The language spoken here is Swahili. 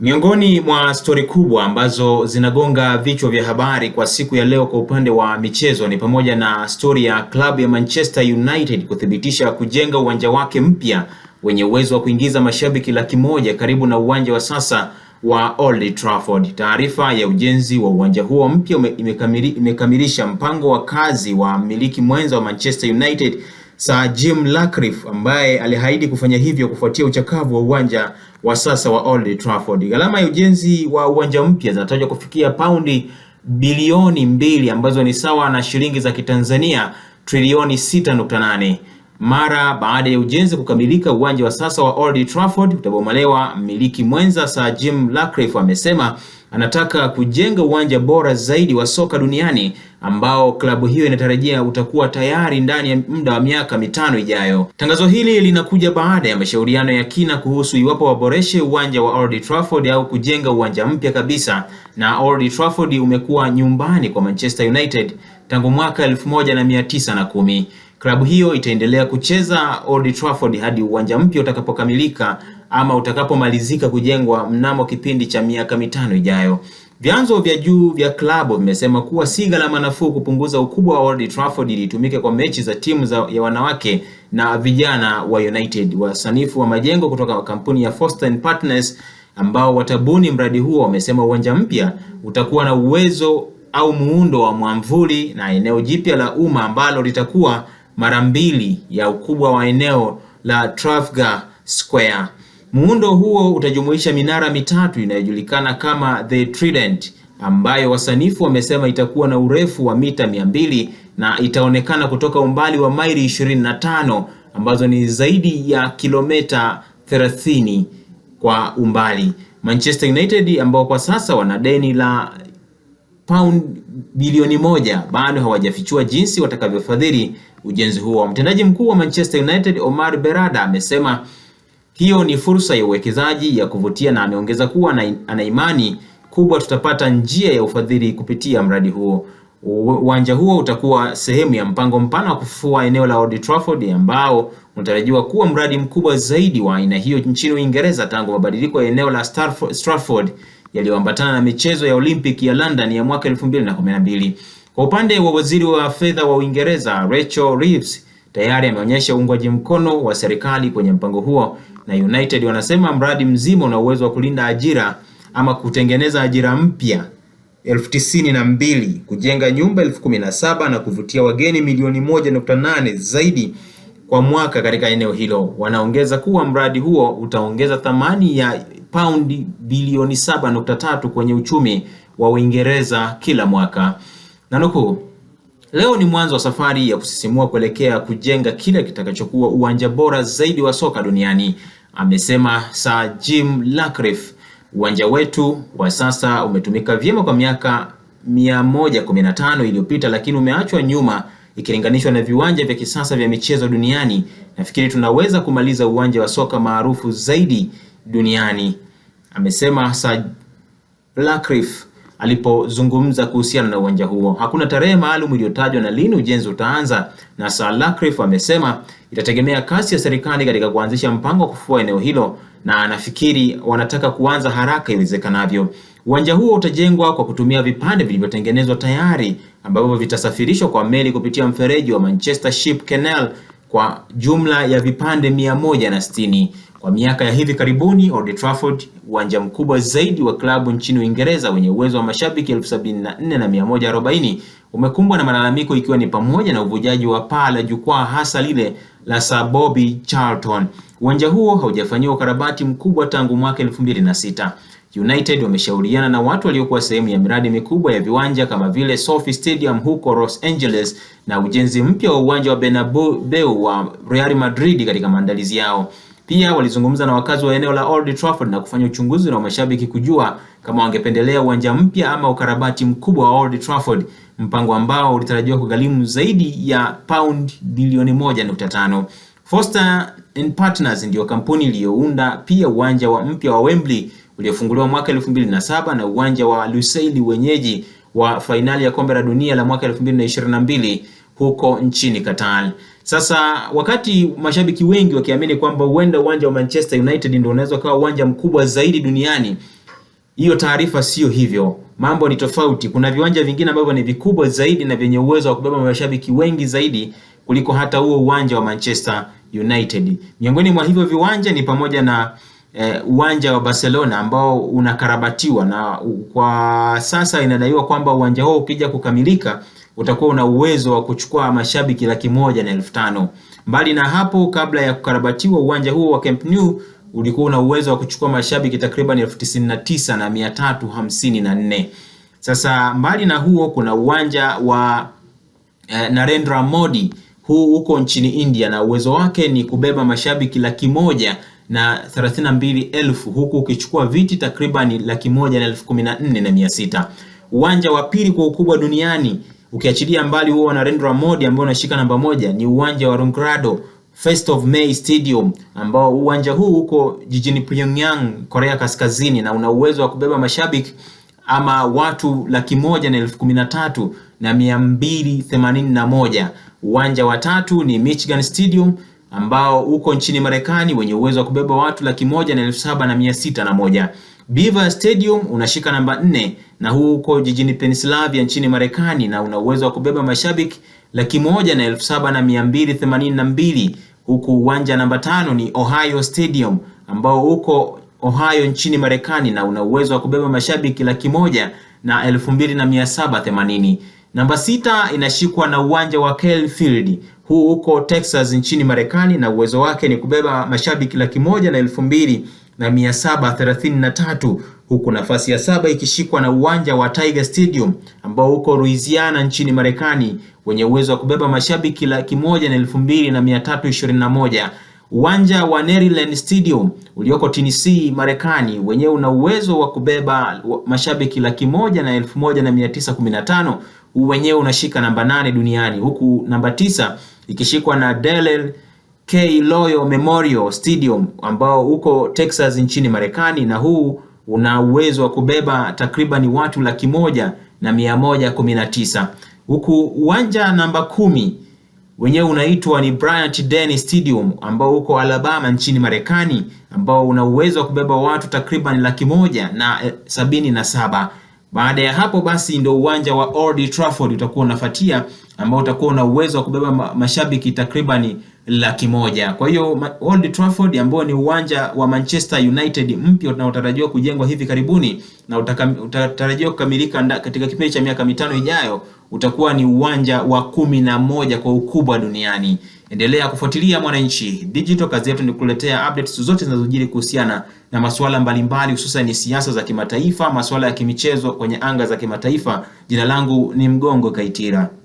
Miongoni mwa stori kubwa ambazo zinagonga vichwa vya habari kwa siku ya leo kwa upande wa michezo ni pamoja na stori ya klabu ya Manchester United kuthibitisha kujenga uwanja wake mpya wenye uwezo wa kuingiza mashabiki laki moja karibu na uwanja wa sasa wa Old Trafford. Taarifa ya ujenzi wa uwanja huo mpya imekamili, imekamilisha mpango wa kazi wa mmiliki mwenza wa Manchester United Sir Jim Ratcliffe ambaye aliahidi kufanya hivyo kufuatia uchakavu wa uwanja wa sasa wa Old Trafford. Gharama ya ujenzi wa uwanja mpya zinatajwa kufikia paundi bilioni mbili ambazo ni sawa na shilingi za Kitanzania trilioni 6.8. Mara baada ya ujenzi kukamilika, uwanja wa sasa wa Old Trafford utabomolewa. Mmiliki mwenza Sir Jim Ratcliffe amesema anataka kujenga uwanja bora zaidi wa soka duniani ambao klabu hiyo inatarajia utakuwa tayari ndani ya muda wa miaka mitano ijayo. Tangazo hili linakuja baada ya mashauriano ya kina kuhusu iwapo waboreshe uwanja wa Old Trafford au kujenga uwanja mpya kabisa, na Old Trafford umekuwa nyumbani kwa Manchester United tangu mwaka 1910. Klabu hiyo itaendelea kucheza Old Trafford hadi uwanja mpya utakapokamilika ama utakapomalizika kujengwa mnamo kipindi cha miaka mitano ijayo. Vyanzo vya juu vya klabu vimesema kuwa si gharama nafuu kupunguza ukubwa wa Old Trafford ili itumike kwa mechi za timu za ya wanawake na vijana wa United. Wasanifu wa majengo kutoka kampuni ya Foster and Partners ambao watabuni mradi huo wamesema uwanja mpya utakuwa na uwezo au muundo wa mwamvuli na eneo jipya la umma ambalo litakuwa mara mbili ya ukubwa wa eneo la Trafalgar Square. Muundo huo utajumuisha minara mitatu inayojulikana kama The Trident ambayo wasanifu wamesema itakuwa na urefu wa mita mia mbili na itaonekana kutoka umbali wa maili 25 ambazo ni zaidi ya kilomita 30 kwa umbali. Manchester United ambao kwa sasa wana deni la pound bilioni moja bado hawajafichua jinsi watakavyofadhili ujenzi huo. Mtendaji mkuu wa Manchester United Omar Berada amesema hiyo ni fursa ya uwekezaji ya kuvutia na ameongeza kuwa ana imani kubwa tutapata njia ya ufadhili kupitia mradi huo. Uwanja huo utakuwa sehemu ya mpango mpana wa kufufua eneo la Old Trafford ambao unatarajiwa kuwa mradi mkubwa zaidi wa aina hiyo nchini Uingereza tangu mabadiliko ya eneo la Stratford yaliyoambatana na michezo ya Olympic ya London ya mwaka 2012. Kwa upande wa waziri wa fedha wa Uingereza, Rachel Reeves, tayari ameonyesha uungwaji mkono wa serikali kwenye mpango huo na United wanasema mradi mzima una uwezo wa kulinda ajira ama kutengeneza ajira mpya elfu tisini na mbili, kujenga nyumba elfu kumi na saba na kuvutia wageni milioni moja nukta nane zaidi kwa mwaka katika eneo hilo. Wanaongeza kuwa mradi huo utaongeza thamani ya paundi bilioni tatu kwenye uchumi wa Uingereza kila mwaka. Nanukuu, Leo ni mwanzo wa safari ya kusisimua kuelekea kujenga kile kitakachokuwa uwanja bora zaidi wa soka duniani, amesema Sir Jim Ratcliffe. Uwanja wetu wa sasa umetumika vyema kwa miaka 115 iliyopita, lakini umeachwa nyuma ikilinganishwa na viwanja vya kisasa vya michezo duniani. Nafikiri tunaweza kumaliza uwanja wa soka maarufu zaidi duniani, amesema Sir Ratcliffe alipozungumza kuhusiana na uwanja huo. Hakuna tarehe maalum iliyotajwa na lini ujenzi utaanza, na Sir amesema itategemea kasi ya serikali katika kuanzisha mpango wa kufua eneo hilo, na anafikiri wanataka kuanza haraka iwezekanavyo. Uwanja huo utajengwa kwa kutumia vipande vilivyotengenezwa tayari ambavyo vitasafirishwa kwa meli kupitia mfereji wa Manchester Ship Canal kwa jumla ya vipande 160. Kwa miaka ya hivi karibuni, Old Trafford, uwanja mkubwa zaidi wa klabu nchini Uingereza wenye uwezo wa mashabiki 74140 umekumbwa na malalamiko ikiwa ni pamoja na uvujaji wa paa la jukwaa hasa lile la Sir Bobby Charlton. Uwanja huo haujafanyiwa ukarabati mkubwa tangu mwaka 2006. United wameshauriana na watu waliokuwa sehemu ya miradi mikubwa ya viwanja kama vile SoFi Stadium huko Los Angeles na ujenzi mpya wa uwanja wa Bernabeu wa Real Madrid katika maandalizi yao. Pia walizungumza na wakazi wa eneo la Old Trafford na kufanya uchunguzi na mashabiki kujua kama wangependelea uwanja mpya ama ukarabati mkubwa wa Old Trafford, mpango ambao ulitarajiwa kugharimu zaidi ya pound bilioni 1.5. Foster and Partners ndiyo kampuni iliyounda pia uwanja wa mpya wa Wembley uliofunguliwa mwaka 2007 na uwanja wa Lusail wenyeji wa fainali ya kombe la dunia la mwaka 2022 huko nchini Qatar. Sasa wakati mashabiki wengi wakiamini kwamba huenda uwanja wa Manchester United ndio unaweza kuwa uwanja mkubwa zaidi duniani, hiyo taarifa sio hivyo. Mambo ni tofauti. Kuna viwanja vingine ambavyo ni vikubwa zaidi na vyenye uwezo wa kubeba mashabiki wengi zaidi kuliko hata huo uwanja wa Manchester United. Miongoni mwa hivyo viwanja ni pamoja na eh, uwanja wa Barcelona ambao unakarabatiwa na kwa sasa inadaiwa kwamba uwanja huo ukija kukamilika utakuwa una uwezo wa kuchukua mashabiki laki moja na elfu tano. Mbali na hapo, kabla ya kukarabatiwa uwanja huo wa Camp Nou ulikuwa una uwezo wa kuchukua mashabiki takriban elfu tisini na tisa na mia tatu hamsini na nne. Sasa mbali na huo kuna uwanja wa eh, Narendra Modi huu huko nchini India na uwezo wake ni kubeba mashabiki laki moja na thelathini na mbili elfu huku ukichukua viti takriban laki moja na elfu kumi na nne na mia sita. Uwanja wa pili kwa ukubwa duniani Ukiachilia mbali huo wa Narendra Modi ambao unashika namba moja ni uwanja wa rungrado First of May Stadium ambao uwanja huu uko jijini Pyongyang, Korea Kaskazini na una uwezo wa kubeba mashabiki ama watu laki moja na elfu kumi na tatu na mia mbili themanini na moja. Uwanja wa tatu ni Michigan Stadium ambao uko nchini Marekani wenye uwezo wa kubeba watu laki moja na elfu saba na mia sita na moja. Beaver Stadium unashika namba nne na huu uko jijini Pennsylvania nchini Marekani na una uwezo wa kubeba mashabiki laki moja na elfu saba na mia mbili themanini na mbili huku uwanja namba tano ni Ohio Stadium ambao uko Ohio nchini Marekani na una uwezo wa kubeba mashabiki laki moja na elfu mbili na mia saba themanini. Namba sita inashikwa na uwanja wa Kell Field. Huu uko Texas nchini Marekani na uwezo wake ni kubeba mashabiki laki moja na elfu mbili na mia saba thelathini na tatu huku nafasi ya saba ikishikwa na uwanja wa Tiger Stadium ambao uko Louisiana nchini Marekani wenye uwezo wa kubeba mashabiki laki moja na elfu mbili na mia tatu ishirini na moja. Uwanja wa Neyland Stadium ulioko Tennessee, Marekani wenyewe una uwezo wa kubeba mashabiki laki moja na elfu moja na mia tisa kumi na tano. wenyewe unashika namba nane duniani huku namba tisa ikishikwa na Dallas K Loyal Memorial Stadium ambao uko Texas nchini Marekani, na huu una uwezo wa kubeba takribani watu laki moja na mia moja kumi na tisa huku uwanja namba kumi wenyewe unaitwa ni Bryant Denny Stadium ambao uko Alabama nchini Marekani, ambao una uwezo wa kubeba watu takriban laki moja na e, sabini na saba. Baada ya hapo basi ndio uwanja wa Old Trafford utakuwa unafuatia, ambao utakuwa una uwezo wa kubeba mashabiki takribani laki moja. Kwa hiyo Old Trafford ambao ni uwanja wa Manchester United mpya unaotarajiwa kujengwa hivi karibuni na utatarajiwa kukamilika katika kipindi cha miaka mitano ijayo, utakuwa ni uwanja wa kumi na moja kwa ukubwa duniani. Endelea kufuatilia Mwananchi Digital, kazi yetu ni kukuletea updates zote zinazojiri kuhusiana na masuala mbalimbali, hususan ni siasa za kimataifa, masuala ya kimichezo kwenye anga za kimataifa. Jina langu ni Mgongo Kaitira.